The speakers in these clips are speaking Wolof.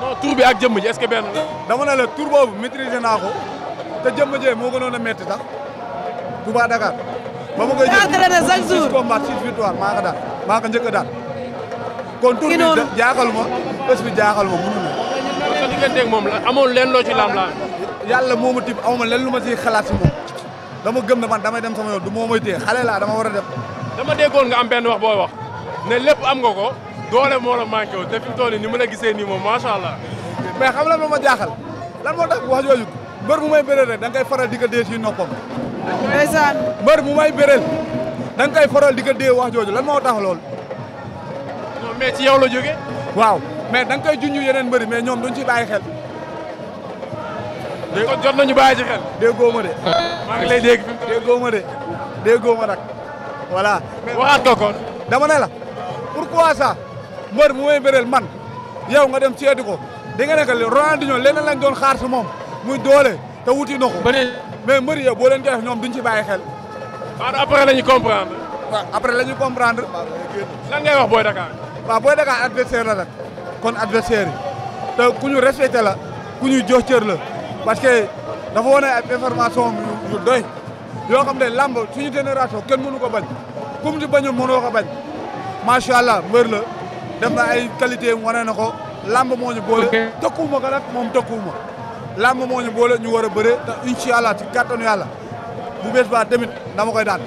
non tur bi ak jëmm ji benn dama ne la tur boobu maîtriser naa ko te jëmm jee moo gënoon a métti tax Touba Dakar. ba ma koy jël entraîné chaque jour 6 combats 6 maa ko daan maa ko njëkk a daan. kon tur bi jaaxal ma bés bi jaaxal ma mënuñu. moom amoon leen loo ci laam laam. yàlla moo ma tibb aw ma leen lu ma ciy xalaat si moom dama gëm ne man damay dem sama du moo may téye xale laa dama war a def. dama déggoon nga am benn wax booy wax ne lépp am nga ko. doole moo la manqué wu te fi mu toll ni ma la gisee nii moom macha mais xam la lan ma jaaxal lan moo tax wax yooyu mbër mu may bëreel rek da koy faral di ko dee ci noppam. ndeysaan. mbër mu may bëreel da nga koy faral di ko dee wax jooju lan moo tax lool. mais ci yow la jógee. waaw mais da nga koy junj yeneen mbëri mais ñoom duñ ci bàyyi xel. dégg kon jot nañu bàyyi ci xel. de. maa ngi lay dégg déggoo ma de déggoo ma nag voilà. waxaat ko kon dama ne la mbër mu may bëreel man yow nga dem seeti ko di nga nekk Ronaldinho leneen lañ doon xaar si moom muy doole te wuti na ko. mais mbëri yow boo leen koy def ñoom duñ ci bàyyi xel. waaw après la ñu comprendre. waaw après la ñu comprendre. lan ngay wax Boy Dakar. waaw Boy Dakar adversaire la nag kon adversaire yi te ku ñu respecté la ku ñu jox cër la parce que dafa wane ay information yu doy yoo xam ne làmb suñu génération kenn mënu ko bañ kum di bañu mënoo ko bañ macha allah mbër la. def na ay qualité wane na ko làmb moo ñu boole. tëkkuwuma ko moom tëkkuwuma. làmb moo ñu ñu war a bëree te incha allah ci kàttanu yàlla bu ba tamit dama koy daan.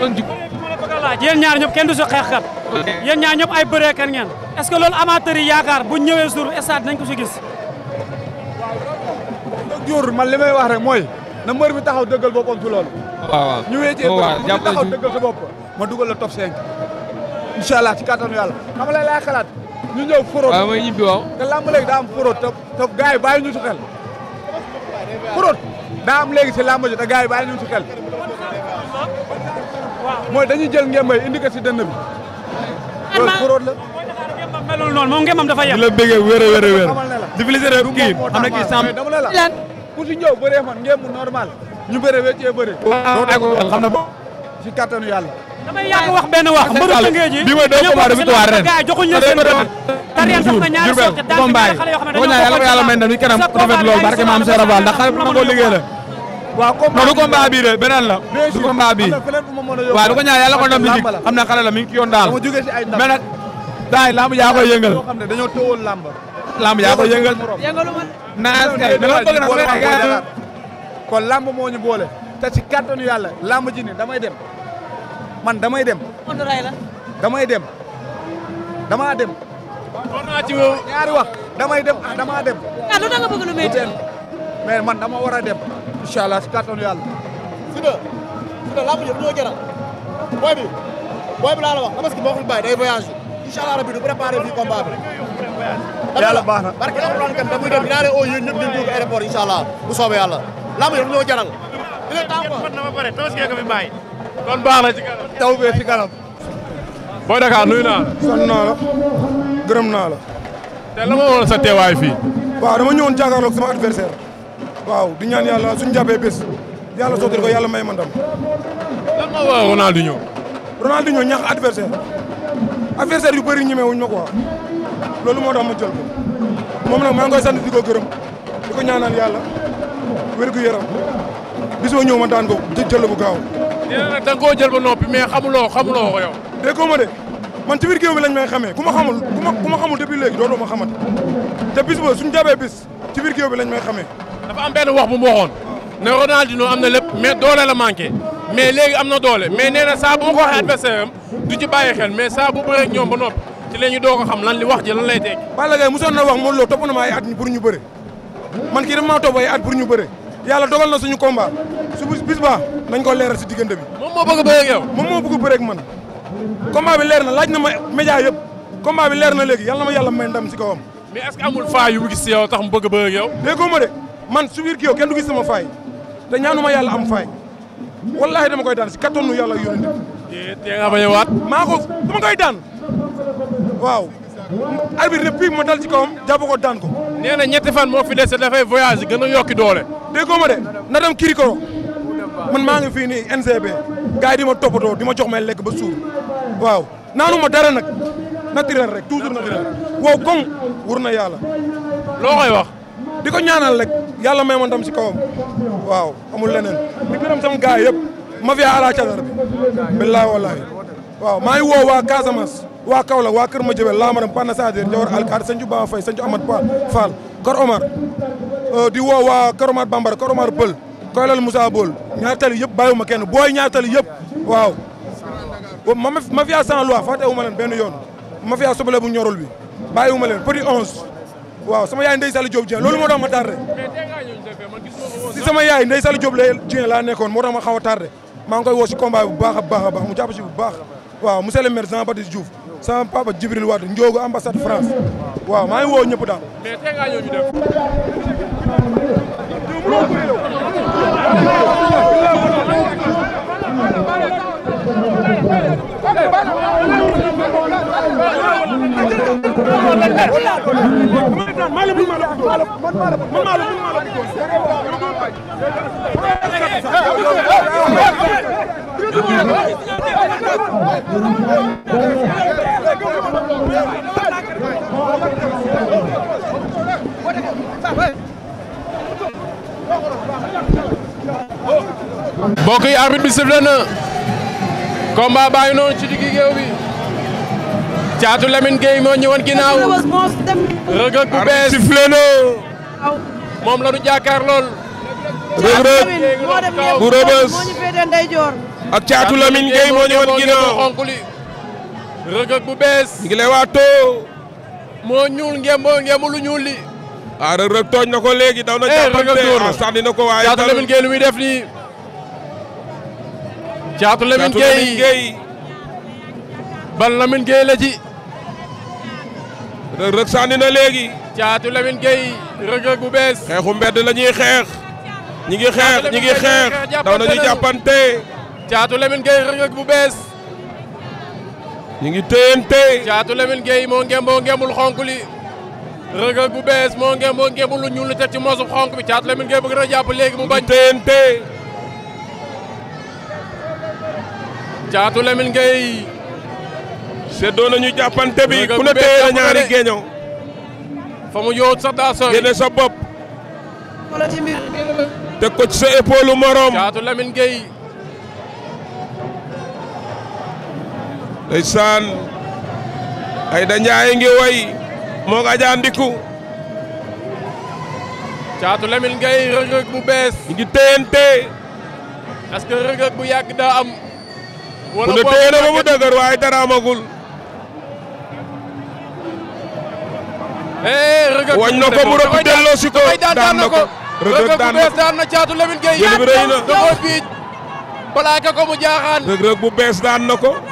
kon jub ñaar ñëpp kenn du si xeexkat. yéen ñaar ñëpp ay bëree kan ngeen. est ce que loolu amateurs yi yaakaar bu ñëwee sur stade nañ ko si gis. waaw Diour man li may wax rek mooy na mbër bi taxaw dëggal boppam ci loolu. waaw waaw ñu wéccee mbër bi taxaw dëggal sa bopp ma dugal la top incha allah ci kattanu yàlla xam nga lay xalaat ñu ñëw forot ah, waaw te lamb léegi daa am te te gars yi ñu ci xel forot daa am léegi te gars yi bàyyi ñu ci xel mooy dañuy jël ngembay indi ko si dënn bi loolu forot la melul noonu moom ngembam dafa yem la bëggee wér a wér a am na kii sam ku si ñëw bëree man ngemb normal ñu bëree wéccee bëree xam na si kattanu yàlla. damay yàgg wax benn wax mbëru Tëngéej ji. bi ma deux combats de victoire ren. joxuñu leen seen carrière sax na ñaari soog a daal di xale yoo xam ne dañoo ko ko yàlla may ndam kanam rafet lool barke maam Cheikh Raval ndax xale bu ma ko liggéey la. waaw combat du combat bii de beneen la. du combat bii waaw du ko ñaan yàlla ko ndam ci xam na xale la mi ngi ci yoon daal. mais nag daay lamb yaa koy yëngal. dañoo tëwoon lamb. lamb yaa koy yëngal. yëngalu ma. naas kay dama bëgg na kon lamb moo ñu boole te ci kàttanu yàlla làmb ji ni damay dem man damay dem. kon ray la. damay dem damaa dem. war naa ci woo ñaari wax damay dem ah damaa dem. ah man dama war a dem. incha allah ci kàttanu yàlla. Siteu Siteu làmb ji jaral booy bi booy bi laa la wax parce que boo day voyage incha allah rabi du préparé fii combat bi. yàlla baax na barke alxuraan kan damuy dem dinaa leen oo yéen ñëpp ñu bu soobee yàlla làmb ji ñoo jaral. il est temps quoi na ba pare toos na naa la. sant naa la gërëm naa la. te la ma waral dama ñëwoon jàkkaarloog sama adversaire. waaw di ñaan yàlla suñu jàppee bés. yàlla sottil ko yàlla may ma ndam. lan moo waral Ronaldinho. Ronaldinho ñax adversaire. adversaire yu bëri ñemewuñ ma quoi. loolu moo tax ma jël ko. moom nag maa ngi koy di ko gërëm. di ko ñaanal yàlla wér gu bis ma ñëw ma daan ko jël bu gaaw. nee na nag da nga noppi mais xamuloo xamuloo ko yow. déggoo ma de man ci biir géew bi lañ may xamee ku ma xamul ku ma ku ma xamul depuis léegi dootoo ma xamat te bis ba suñu jàppee bis ci biir géew bi may xamee. dafa am benn wax bu mu waxoon ne Ronaldinho am na lépp mais doole la manqué mais léegi am na doole mais nee na saa bu ma ko waxee adversaire am du ci bàyyi xel mais saa bu bëree ak ñoom ba nopp ci doo ko xam lan li wax ji lan lay tekki. Balla wax Modou Lo topp na ñu bëre man kii dafa maa topp ay at pour ñu bëre yàlla dogal na suñu combat su bis ba nañ ko leeral si diggante bi. moom moo bëgg a bëre ak yow. moom moo bëgg a bëre ak man. combat leer na laaj na ma média yëpp combat bi leer na léegi yàlla ma yàlla may ndam si kawam. mais est-ce que amul faay yu mu bëgg a bëre ak yow. déggoo ma de man su biir kii yow kenn du gis sama faay te ñaanu ma yàlla am faay wallaahi dama koy daan si kattanu yàlla ak yonent bi. tey tey waat. maa ko dama koy daan waaw. arbitre ne pique ma dal ci kawam jàpp ko daan ko. nee na ñetti fan moo fi dese dafay voyage gën a yokki doole. déggoo ma na dem kirikoro man maa ngi fii nii NCB gars yi di ma toppatoo di ma jox may lekk ba suur waaw naa ma dara nag naturel rek toujours naturel wow koŋ wur na yàlla. loo koy wax. di ko ñaanal rek yàlla may ma ndam si kawam waaw amul leneen di gërëm sama gars yëpp ma fi àll a cadar bi billaahi wallaahi waaw maa ngi woo waa Casamance. waa Kaolack waa Kër Madiabel Lamaram Panna Sadir Ndiawar Alkaat Sanju Ba Faye Sanju Amad Pa Fall Kor Omar euh, di woo waa Kor Omar Bambara Kor Omar Pël Koylal Moussa Bool ñaar tali yëpp bàyyiwuma kenn booy ñaar tali yëpp waaw mafia sans loi fàttewuma leen benn yoon mafia sobale bu ñorul bi bàyyiwuma leen petit onze waaw sama yaay Ndeye Sall Diop Dieng loolu moo tax ma tardé si sama yaay Ndeye Sall Diop Dieng laa nekkoon ma xaw a maa ngi koy woo si combat bu baax a baax a baax mu jàpp si bu baax waaw monsieur le maire Jean Baptiste sama papa Djibril Wade Ndiogo ambassade France waaw maa ngi woo ñëpp daal. mais tey ngaa mbokk yi arbitre bi sifle na combat baa ngi noonu ci digg géew bi Caatu Lamine Gueye moo ñëwoon ginnaaw Reug bu bees sifflé na moom la ñu jàkkaar lool Reug Reug bu Rebeuss ak ngi lay waatoo moo ngem moo ngemu lu ñuul li ah tooñ na ko léegi daw na eh, jàppante ah, Caatu Lamine Gueye lu muy def nii Caatu Lamine Gueye bal Lamine Gueye la rëg rëg sànni na léegi. caatu Lamine Gueye rëg rëg bu bees. xeexu mbedd la ñuy xeex. ñi ngi xeex ñi ngi xeex daw nañu jàppante. caatu Lamine Gueye rëg rëg bu bees. ñi ngi téyante. caatu Lamine Gueye moo ngem moo ngemul xonk li. rëg rëg bu bees moo ngem moo ngemul lu ñuul te ci mosu xonk bi caatu Lamine Gueye bëgg na jàpp léegi mu bañ. téyante. caatu Lamine Gueye. seddoo nañu jàppante bi ku ne téye ñaari géeñoo. fa mu yow sax daa sori génne sa ko ci sa épaule morom. Caatu ay da Njaay ngi way moo nga jaa Caatu Lamine Gueye rëg bu bees. ngi téyante. parce que rëg bu yàgg daa am. wala boobu bu ba mu dëgër waaye dara wañ na ko mu rëbb delloo si ko daan na ko rëg rëg bu bees daan na caatu Lamine Gueye jël bi rëy na da koy biij plaqué ko mu jaaxaan rëg bu bees daan na ko